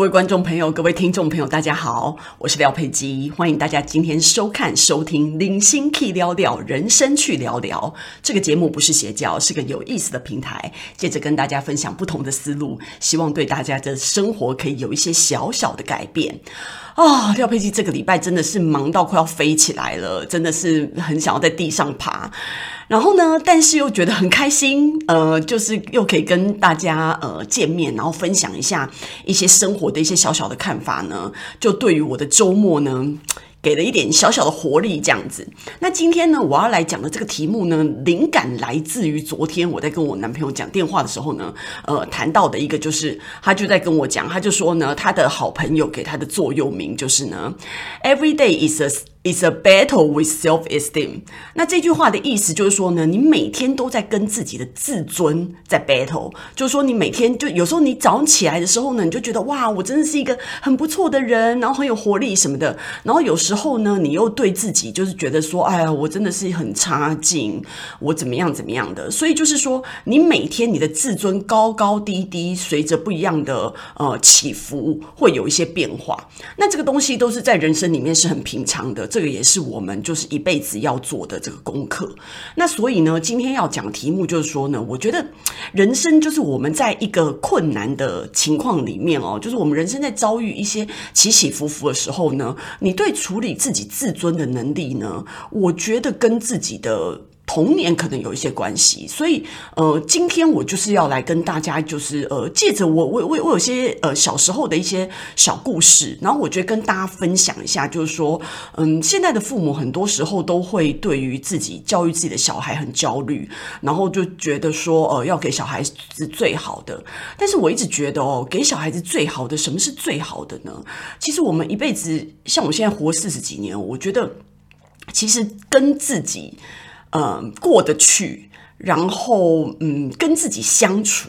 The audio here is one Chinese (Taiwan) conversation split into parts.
各位觀眾朋友，各位聽眾朋友，大家好，我是廖佩基，歡迎大家今天收看、收聽《零星 key 聊聊人生去聊聊》這個節目不是邪教，是個有意思的平台，藉著跟大家分享不同的思路，希望對大家的生活可以有一些小小的改變。啊、哦，廖佩奇這個禮拜真的是忙到快要飛起來了，真的是很想要在地上爬。然後呢，但是又覺得很開心，呃，就是又可以跟大家呃見面，然後分享一下一些生活的一些小小的看法呢。就對於我的周末呢。給了一點小小的活力，這樣子。那今天呢，我要來講的這個題目呢，靈感來自於昨天我在跟我男朋友講電話的時候呢，呃，談到的一個就是，他就在跟我講，他就說呢，他的好朋友給他的座右銘就是呢，Every day is a... It's a battle with self-esteem。Esteem. 那這句話的意思就是說呢，你每天都在跟自己的自尊在 battle。就是說，你每天就有時候你早上起來的時候呢，你就覺得哇，我真的是一個很不錯的人，然後很有活力什麼的。然後有時候呢，你又對自己就是覺得說，哎呀，我真的是很差勁，我怎麼樣怎麼樣的。所以就是說，你每天你的自尊高高低低，隨着不一樣的呃起伏，會有一些變化。那這個東西都是在人生裡面是很平常的。這個也是我們就是一輩子要做的這個功課。那所以呢，今天要講題目就是說呢，我覺得人生就是我們在一個困難的情況裡面哦，就是我們人生在遭遇一些起起伏伏的時候呢，你對處理自己自尊的能力呢，我覺得跟自己的童年可能有一些關係，所以呃，今天我就是要來跟大家，就是呃，借着我我我我有些呃小時候的一些小故事，然後我覺得跟大家分享一下，就是說，嗯，現在的父母很多時候都會對於自己教育自己的小孩很焦慮，然後就覺得說，呃，要給小孩子是最好的。但是我一直覺得哦，給小孩子最好的，什麼是最好的呢？其實我們一輩子，像我現在活四十幾年，我覺得其實跟自己。嗯，過得去，然後嗯，跟自己相處，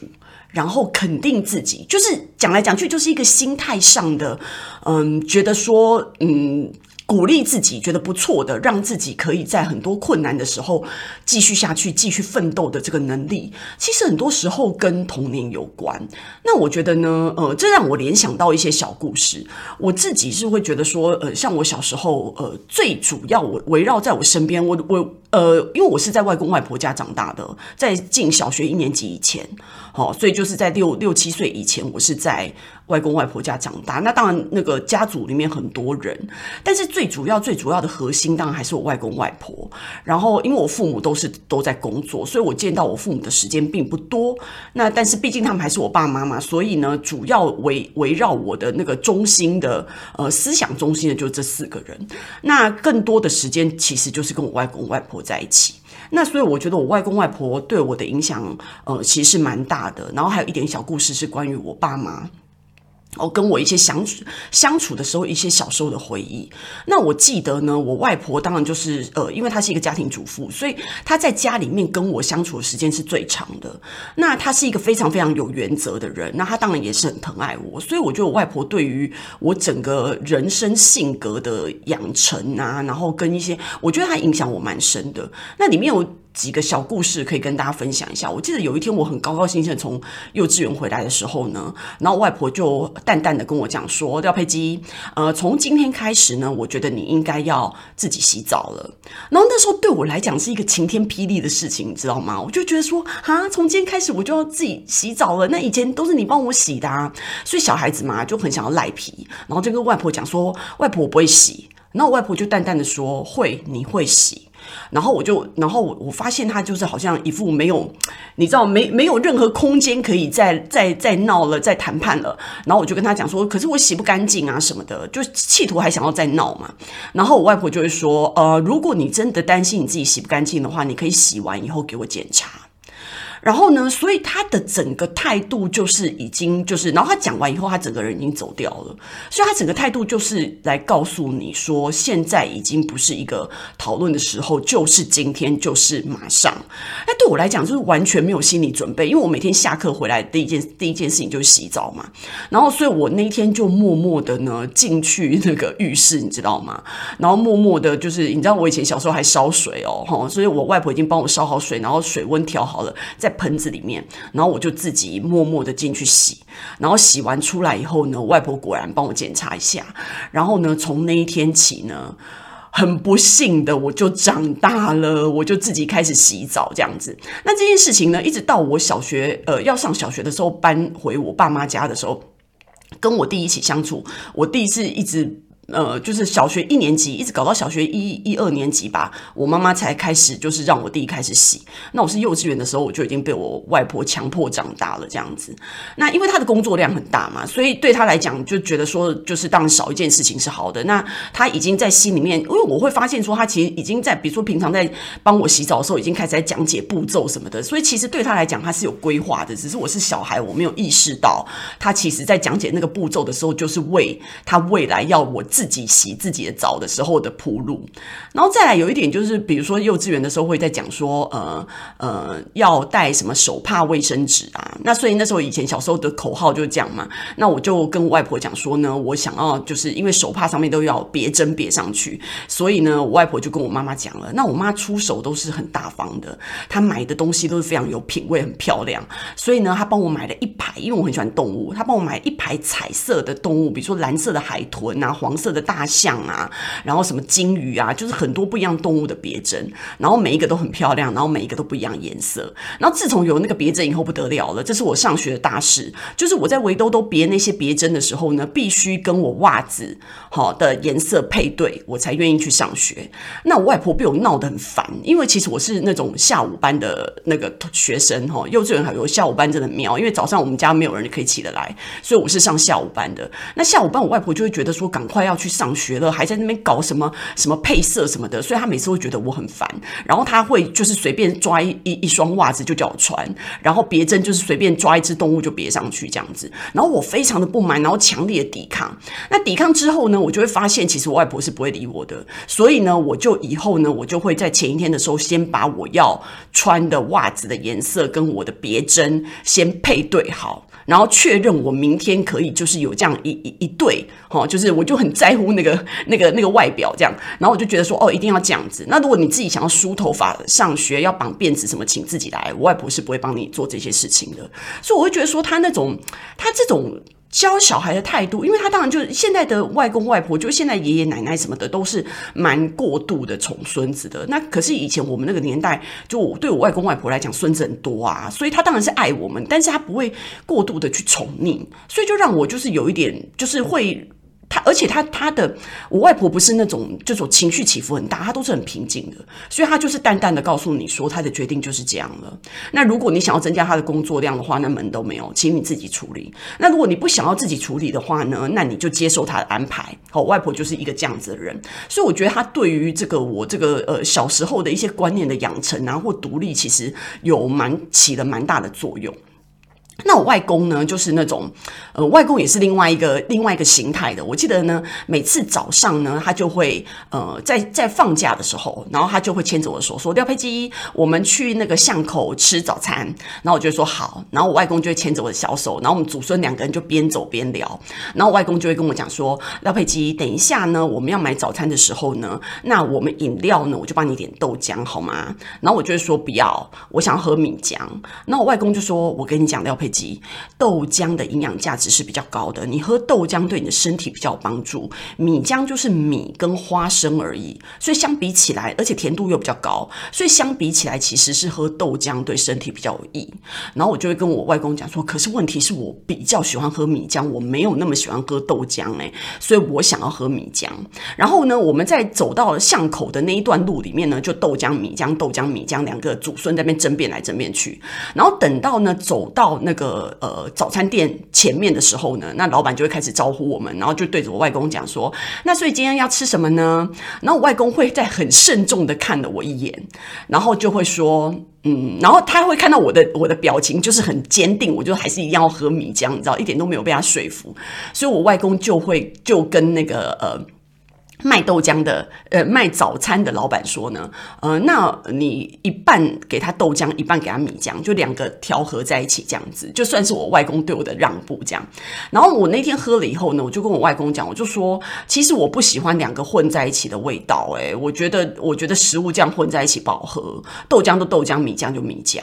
然後肯定自己，就是講來講去就是一個心態上的，嗯，覺得說嗯，鼓勵自己，覺得不錯的，讓自己可以在很多困難的時候繼續下去，繼續奮鬥的這個能力，其實很多時候跟童年有關。那我覺得呢，呃，這讓我聯想到一些小故事。我自己是會覺得說，呃，像我小時候，呃，最主要我圍繞在我身邊，我我。呃，因為我是在外公外婆家長大的，在進小學一年級以前，好、哦，所以就是在六六七歲以前，我是在外公外婆家長大。那當然，那個家族裡面很多人，但是最主要、最主要的核心，當然還是我外公外婆。然後，因為我父母都是都在工作，所以我見到我父母的時間並不多。那但是，畢竟他們還是我爸媽嘛，所以呢，主要圍圍繞我的那個中心的呃思想中心的，就是這四個人。那更多的時間，其實就是跟我外公外婆在一起，那所以我覺得我外公外婆對我的影響，呃，其實是蠻大的。然後還有一點小故事是關於我爸媽。哦，跟我一些相處相處的時候，一些小時候的回憶。那我記得呢，我外婆當然就是呃，因為她是一個家庭主婦，所以她在家裡面跟我相處的時間是最長的。那她是一個非常非常有原則的人，那她當然也是很疼愛我。所以我覺得我外婆對於我整個人生性格的養成啊，然後跟一些，我覺得她影響我蠻深的。那裡面有。幾個小故事可以跟大家分享一下。我記得有一天我很高高興興地從幼稚園回來的時候呢，然後外婆就淡淡的跟我講說：“廖佩姬，呃，從今天開始呢，我覺得你應該要自己洗澡了。”然後那時候對我來講是一個晴天霹靂的事情，你知道嗎？我就覺得說啊，從今天開始我就要自己洗澡了。那以前都是你幫我洗的啊，所以小孩子嘛，就很想要賴皮，然後就跟外婆講說：“外婆，我不會洗。”然後我外婆就淡淡的說：“會，你會洗。”然後我就，然後我我發現他就是好像一副沒有，你知道沒沒有任何空間可以再再再鬧了，再談判了。然後我就跟他講說，可是我洗不乾淨啊什麼的，就企圖還想要再鬧嘛。然後我外婆就會說，呃，如果你真的擔心你自己洗不乾淨的話，你可以洗完以後給我檢查。然後呢，所以他的整個態度就是已經就是，然後他講完以後，他整個人已經走掉了。所以他整個態度就是來告訴你說，現在已經不是一個討論的時候，就是今天，就是馬上。那對我來講，就是完全沒有心理準備，因為我每天下課回來第一件第一件事情就是洗澡嘛。然後，所以我那一天就默默的呢進去那個浴室，你知道嗎？然後默默的就是，你知道我以前小時候還燒水哦，哈、哦，所以我外婆已經幫我燒好水，然後水溫調好了，盆子裡面，然後我就自己默默的進去洗，然後洗完出來以後呢，外婆果然幫我檢查一下，然後呢，從那一天起呢，很不幸的我就長大了，我就自己開始洗澡這樣子。那這件事情呢，一直到我小學呃，要上小學的時候，搬回我爸媽家的時候，跟我弟一起相處，我弟是一直。呃，就是小學一年級一直搞到小學一一二年級吧，我媽媽才開始就是讓我弟弟開始洗。那我是幼稚園的時候，我就已經被我外婆強迫長大了這樣子。那因為他的工作量很大嘛，所以對他來講就覺得說，就是當然少一件事情是好的。那他已經在心裡面，因為我會發現說，他其實已經在，比如說平常在幫我洗澡的時候，已經開始在講解步驟什麼的。所以其實對他來講，他是有規劃的，只是我是小孩，我沒有意識到他其實，在講解那個步驟的時候，就是為他未來要我自。自己洗自己的澡的時候的鋪路，然後再來有一點就是，比如說幼稚園的時候會在講說，呃呃，要帶什麼手帕、衛生紙啊。那所以那時候以前小時候的口號就是這樣嘛。那我就跟我外婆講說呢，我想要就是因為手帕上面都要別針別上去，所以呢，我外婆就跟我媽媽講了。那我媽出手都是很大方的，她買的東西都是非常有品味、很漂亮。所以呢，她幫我買了一排，因為我很喜歡動物，她幫我買了一排彩色的動物，比如說藍色的海豚啊，黃色，的大象啊，然後什麼金魚啊，就是很多不一樣動物的別針，然後每一個都很漂亮，然後每一個都不一樣顏色。然後自從有那個別針以後，不得了了。這是我上學的大事，就是我在圍兜兜別那些別針的時候呢，必須跟我襪子好的顏色配對，我才願意去上學。那我外婆被我鬧得很煩，因為其實我是那種下午班的那個學生，幼稚園還有下午班真的很妙，因為早上我們家沒有人可以起得來，所以我是上下午班的。那下午班我外婆就會覺得說，趕快要。要去上學了，還在那邊搞什麼什麼配色，什麼的，所以他每次會覺得我很煩，然後他會就是隨便抓一一雙襪子就叫我穿，然後別針就是隨便抓一只動物就別上去這樣子，然後我非常的不滿，然後強烈的抵抗。那抵抗之後呢，我就會發現其實我外婆是不會理我的，所以呢，我就以後呢，我就會在前一天的時候先把我要穿的襪子的顏色跟我的別針先配對好，然後確認我明天可以就是有這樣一一一對，哦，就是我就很。在乎那個、那個、那個外表，這樣，然後我就覺得說，哦，一定要這樣子。那如果你自己想要梳頭髮、上學要綁辮子什麼，請自己來，我外婆是不會幫你做這些事情的。所以我會覺得說，他那種他這種教小孩的態度，因為他當然就是現在的外公外婆，就現在爺爺奶奶什麼的都是蠻過度的寵孫子的。那可是以前我們那個年代，就對我外公外婆來講，孫子很多啊，所以他當然是愛我們，但是他不會過度的去寵溺，所以就讓我就是有一點就是會他而且他、他的我外婆不是那種這種情緒起伏很大，她都是很平靜的，所以她就是淡淡的告訴你說，她的決定就是這樣了。那如果你想要增加她的工作量的話，那門都沒有，請你自己處理。那如果你不想要自己處理的話呢，那你就接受她的安排。好，外婆就是一個這樣子的人，所以我覺得她對於這個我這個呃小時候的一些觀念的養成啊，或獨立，其實有蠻起了蠻大的作用。那我外公呢，就是那種，呃，外公也是另外一個另外一個形態的。我記得呢，每次早上呢，他就會，呃，在在放假的時候，然後他就會牽着我的手說：“廖佩基，我們去那個巷口吃早餐。”然後我就會說：“好。”然後我外公就會牽着我的小手，然後我們祖孫兩個人就邊走邊聊。然後我外公就會跟我講說：“廖佩基，等一下呢，我們要買早餐的時候呢，那我們飲料呢，我就幫你點豆漿好嗎？”然後我就會說：“不要，我想要喝米漿。”那我外公就說：“我跟你講，廖佩。”及豆漿的營養價值是比較高的，你喝豆漿對你的身體比較有幫助。米漿就是米跟花生而已，所以相比起來，而且甜度又比較高，所以相比起來其實是喝豆漿對身體比較有益。然後我就會跟我外公講說，可是問題是我比較喜歡喝米漿，我沒有那麼喜歡喝豆漿、欸、所以我想要喝米漿。然後呢，我們在走到巷口的那一段路裡面呢，就豆漿、米漿、豆漿、米漿兩個祖孫在那邊爭辯來爭辯去，然後等到呢走到那個。個呃，早餐店前面的時候呢，那老闆就會開始招呼我們，然後就對着我外公講說：“那所以今天要吃什麼呢？”然後我外公會在很慎重的看了我一眼，然後就會說：“嗯。”然後他會看到我的我的表情就是很堅定，我就還是一樣要喝米漿，你知道一點都沒有被他說服，所以我外公就會就跟那個呃。賣豆漿的，呃，賣早餐的老闆說呢，呃，那你一半給他豆漿，一半給他米漿，就兩個調和在一起，這樣子就算是我外公對我的讓步這樣。然後我那天喝了以後呢，我就跟我外公講，我就說，其實我不喜歡兩個混在一起的味道，欸，誒，我覺得，我覺得食物這樣混在一起不好喝，豆漿就豆漿，米漿就米漿。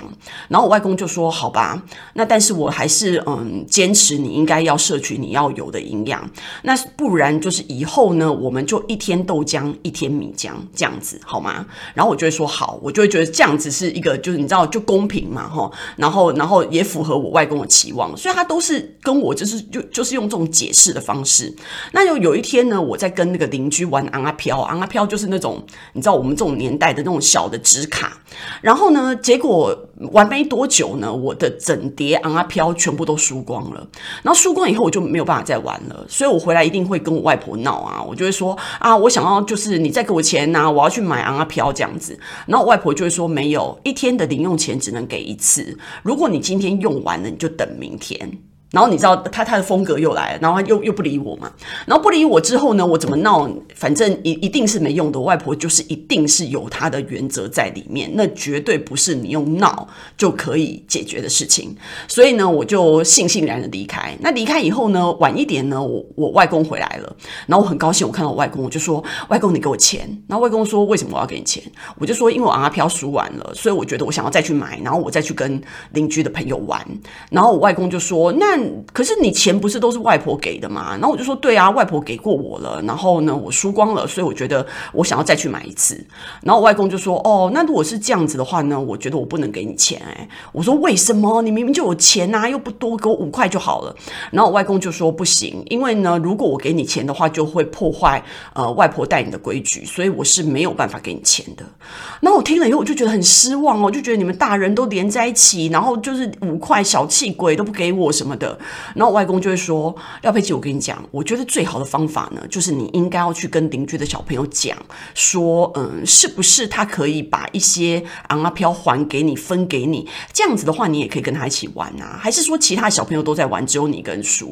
然後我外公就說，好吧，那但是我還是嗯，堅持你應該要攝取你要有的營養，那不然就是以後呢，我們就。一天豆漿，一天米漿，這樣子好嗎？然後我就會說好，我就會覺得這樣子是一個，就是你知道，就公平嘛，齁。然後，然後也符合我外公的期望，所以他都是跟我就是就就是用這種解釋的方式。那有有一天呢，我在跟那個鄰居玩昂阿飄，昂阿飄就是那種你知道我們這種年代的那種小的紙卡。然後呢，結果。玩沒多久呢，我的整疊昂啊票全部都輸光了，然後輸光以後我就沒有辦法再玩了，所以我回來一定會跟我外婆鬧啊，我就會說啊，我想要就是你再給我錢吶、啊，我要去買昂啊票這樣子，然後我外婆就會說沒有，一天的零用錢只能給一次，如果你今天用完了，你就等明天。然後你知道他他的風格又來了，然後又又不理我嘛。然後不理我之後呢，我怎麼鬧，反正一一定是沒用的。我外婆就是一定是有她的原則在裡面，那絕對不是你用鬧就可以解決的事情。所以呢，我就悻悻然的離開。那離開以後呢，晚一點呢，我我外公回來了，然後我很高興，我看到我外公，我就說：“外公，你給我錢。”然後外公說：“為什麼我要給你錢？”我就說：“因為我阿飄輸完了，所以我覺得我想要再去買，然後我再去跟鄰居的朋友玩。”然後我外公就說：“那。”可是你錢不是都是外婆給的嗎？然後我就說對啊，外婆給過我了。然後呢，我輸光了，所以我覺得我想要再去買一次。然後我外公就說哦，那如果是這樣子的話呢，我覺得我不能給你錢、欸。哎，我說為什麼？你明明就有錢啊，又不多，給我五塊就好了。然後我外公就說不行，因為呢，如果我給你錢的話，就會破壞呃外婆帶你的規矩，所以我是沒有辦法給你錢的。然後我聽了以後，又我就覺得很失望哦，就覺得你們大人都連在一起，然後就是五塊小氣鬼都不給我什麼的。然後我外公就會說：“廖佩琪，我跟你講，我覺得最好的方法呢，就是你應該要去跟鄰居的小朋友講，說，嗯，是不是他可以把一些昂啊飄還給你，分給你？這樣子的話，你也可以跟他一起玩啊。還是說其他小朋友都在玩，只有你一個人輸？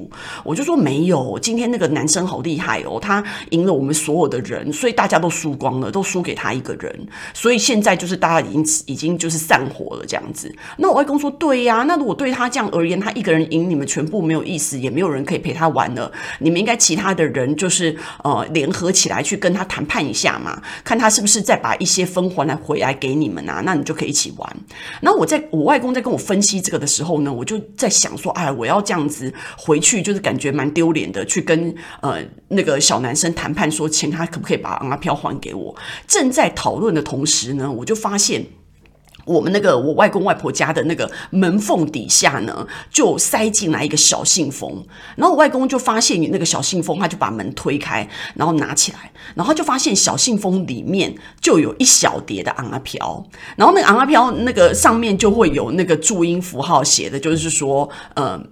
我就說沒有，今天那個男生好厲害哦，他贏了我們所有的人，所以大家都輸光了，都輸給他一個人。所以現在就是大家已經已經就是散夥了這樣子。那我外公說：對呀、啊，那如果對他這樣而言，他一個人贏你們。”全部沒有意思，也沒有人可以陪他玩了。你們應該其他的人就是呃聯合起來去跟他談判一下嘛，看他是不是再把一些分還來回來給你們啊？那你就可以一起玩。那我在我外公在跟我分析這個的時候呢，我就在想說，哎，我要這樣子回去，就是感覺蠻丟臉的，去跟呃那個小男生談判，說請他可不可以把尪仔標還給我？正在討論的同時呢，我就發現。我們那個我外公外婆家的那個門縫底下呢，就塞進來一個小信封。然後我外公就發現有那個小信封，他就把門推開，然後拿起來，然後就發現小信封裡面就有一小疊的昂阿飄。然後那個昂阿飄那個上面就會有那個注音符號，寫的就是說，嗯、呃。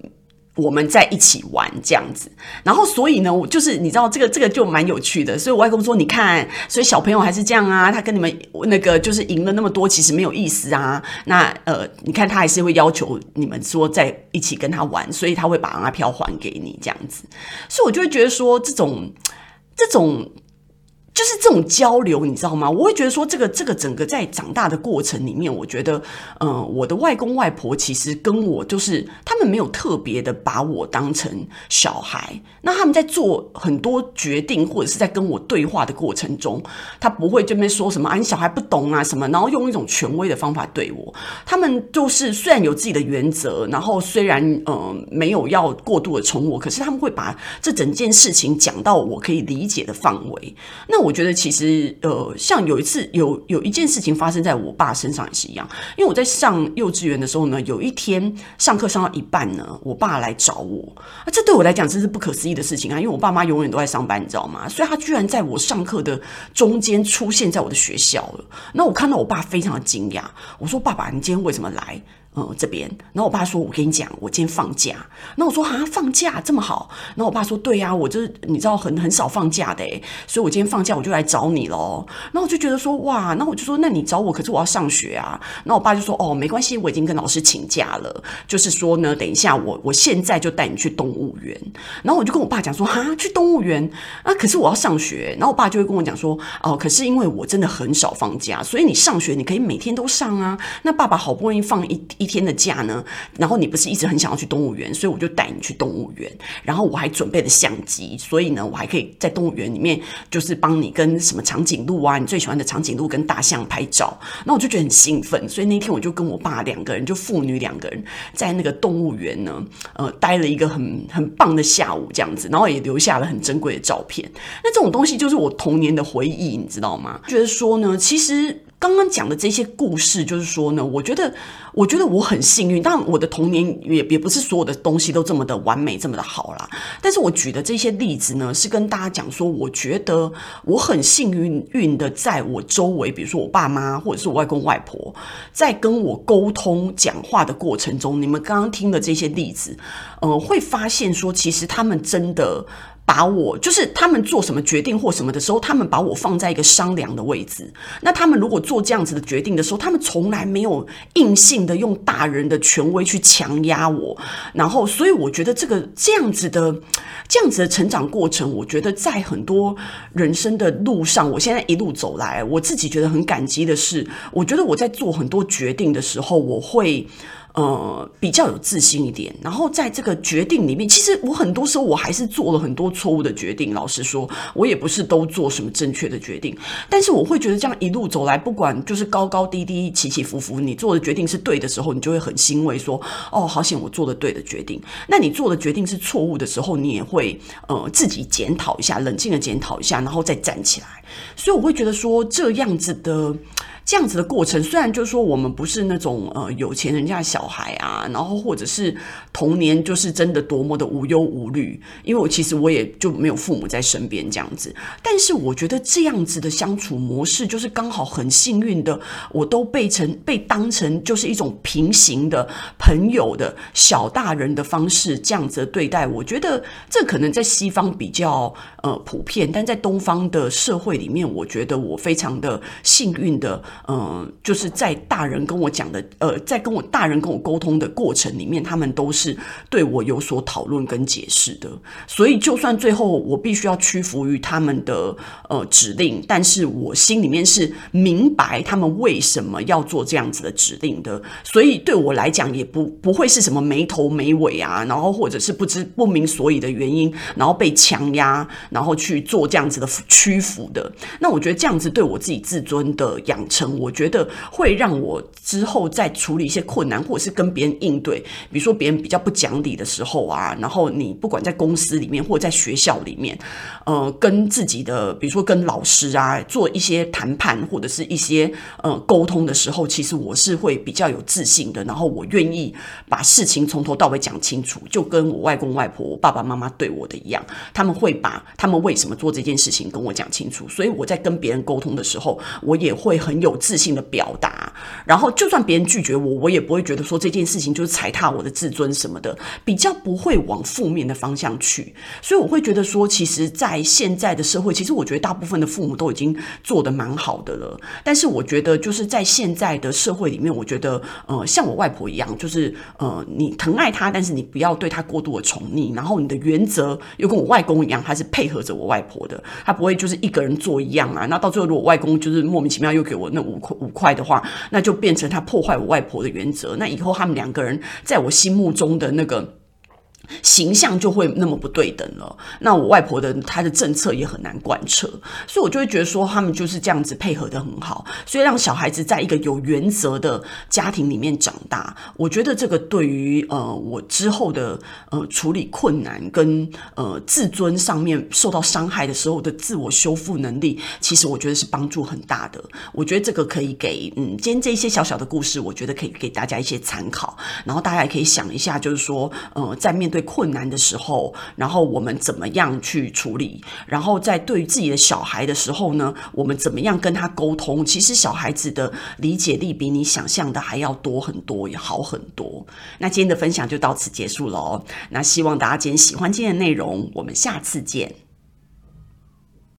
我們在一起玩這樣子，然後所以呢，我就是你知道這個這個就蠻有趣的，所以我外公說，你看，所以小朋友還是這樣啊，他跟你們那個就是贏了那麼多，其實沒有意思啊。那呃，你看他還是會要求你們說在一起跟他玩，所以他會把阿飄還給你這樣子，所以我就會覺得說這種這種。就是這種交流，你知道嗎？我會覺得說，這個這個整個在長大的過程裡面，我覺得，嗯、呃，我的外公外婆其實跟我就是，他們沒有特別的把我當成小孩。那他們在做很多決定或者是在跟我對話的過程中，他不會這邊說什麼啊，你小孩不懂啊什麼，然後用一種權威的方法對我。他們就是雖然有自己的原則，然後雖然嗯、呃，沒有要過度的寵我，可是他們會把這整件事情講到我可以理解的範圍。那。我覺得其實，呃，像有一次有有一件事情發生在我爸身上也是一樣，因為我在上幼稚園的時候呢，有一天上課上到一半呢，我爸來找我啊，這對我來講真是不可思議的事情啊，因為我爸媽永遠都在上班，你知道嗎？所以他居然在我上課的中間出現在我的學校了，那我看到我爸非常的驚訝，我說：“爸爸，你今天為什麼來？”嗯，這邊。然後我爸說：“我跟你講，我今天放假。”那我說：“哈、啊，放假這麼好？”然後我爸說：“對呀、啊，我就是你知道很很少放假的，所以我今天放假我就來找你咯。”然後我就覺得說：“哇！”那我就說：“那你找我，可是我要上學啊。”然後我爸就說：“哦，沒關係，我已經跟老師請假了。就是說呢，等一下我我現在就帶你去動物園。”然後我就跟我爸講說：“哈、啊，去動物園啊？可是我要上學。”然後我爸就會跟我講說：“哦、啊，可是因為我真的很少放假，所以你上學你可以每天都上啊。那爸爸好不容易放一一。”一天的假呢，然後你不是一直很想要去動物園，所以我就帶你去動物園，然後我還準備了相機，所以呢，我還可以在動物園裡面，就是幫你跟什麼長頸鹿啊，你最喜歡的長頸鹿跟大象拍照，那我就覺得很興奮，所以那天我就跟我爸兩個人，就父女兩個人，在那個動物園呢，呃，待了一個很很棒的下午，這樣子，然後也留下了很珍貴的照片。那這種東西就是我童年的回憶，你知道嗎？就是說呢，其實。剛剛講的這些故事，就是說呢，我覺得，我覺得我很幸運。當然，我的童年也也不是所有的東西都這麼的完美，這麼的好啦。但是我舉的這些例子呢，是跟大家講說，我覺得我很幸運運的，在我周圍，比如說我爸媽或者是我外公外婆，在跟我溝通講話的過程中，你們剛剛聽的這些例子，嗯、呃，會發現說，其實他們真的。把我，就是他們做什麼決定或什麼的時候，他們把我放在一個商量的位置。那他們如果做這樣子的決定的時候，他們從來沒有硬性的用大人的權威去強壓我。然後，所以我覺得這個，這樣子的，這樣子的成長過程，我覺得在很多人生的路上，我現在一路走來，我自己覺得很感激的是，我覺得我在做很多決定的時候，我會。呃，比較有自信一點，然後在這個決定裡面，其實我很多時候我還是做了很多錯誤的決定。老實說，我也不是都做什麼正確的決定。但是我會覺得，這樣一路走來，不管就是高高低低、起起伏伏，你做的決定是對的時候，你就會很欣慰，說：“哦，好險我做的對的決定。”那你做的決定是錯誤的時候，你也會呃自己檢討一下，冷靜的檢討一下，然後再站起來。所以我會覺得說，這樣子的。這樣子的過程，雖然就是說我們不是那種呃有錢人家的小孩啊，然後或者是童年就是真的多麼的無憂無慮，因為我其實我也就沒有父母在身邊這樣子，但是我覺得這樣子的相處模式，就是剛好很幸運的，我都被成被當成就是一種平行的朋友的小大人的方式這樣子的對待。我覺得這可能在西方比較呃普遍，但在東方的社會裡面，我覺得我非常的幸運的。嗯、呃，就是在大人跟我講的，呃，在跟我大人跟我溝通的過程裡面，他們都是對我有所討論跟解釋的。所以，就算最後我必須要屈服於他們的呃指令，但是我心裡面是明白他們為什麼要做這樣子的指令的。所以，對我來講，也不不會是什麼沒頭沒尾啊，然後或者是不知不明所以的原因，然後被強壓，然後去做這樣子的屈服的。那我覺得這樣子對我自己自尊的養成。我覺得會讓我之後再處理一些困難，或者是跟別人應對，比如說別人比較不講理的時候啊，然後你不管在公司裡面或者在學校裡面，呃，跟自己的，比如說跟老師啊，做一些談判或者是一些呃溝通的時候，其實我是會比較有自信的，然後我願意把事情從頭到尾講清楚，就跟我外公外婆、我爸爸媽媽對我的一樣，他們會把他們為什麼做這件事情跟我講清楚，所以我在跟別人溝通的時候，我也會很有。自信的表達，然後就算別人拒絕我，我也不會覺得說，這件事情就是踩踏我的自尊什麼的，比較不會往負面的方向去。所以我會覺得說，其實，在現在的社會，其實我覺得大部分的父母都已經做得蠻好的了。但是我覺得就是在現在的社會裡面，我覺得呃，像我外婆一樣，就是呃，你疼愛她，但是你不要對她過度的寵溺。然後你的原則又跟我外公一樣，他是配合着我外婆的，他不會就是一個人做一樣啊。那到最後，如果我外公就是莫名其妙又給我那。五塊五塊的話，那就變成他破壞我外婆的原則。那以後他們兩個人在我心目中的那個。形象就會那麼不對等了。那我外婆的她的政策也很難貫徹，所以我就會覺得說，他們就是這樣子配合得很好，所以讓小孩子在一個有原則的家庭裡面長大，我覺得這個對於呃我之後的呃處理困難跟呃自尊上面受到傷害的時候的自我修復能力，其實我覺得是幫助很大的。我覺得這個可以給嗯今天這一些小小的故事，我覺得可以給大家一些參考，然後大家也可以想一下，就是說呃在面。最困難的時候，然後我們怎麼樣去處理？然後在對於自己的小孩的時候呢，我們怎麼樣跟他溝通？其實小孩子的理解力比你想象的還要多很多，也好很多。那今天的分享就到此結束了哦。那希望大家今天喜歡今天的內容，我們下次見。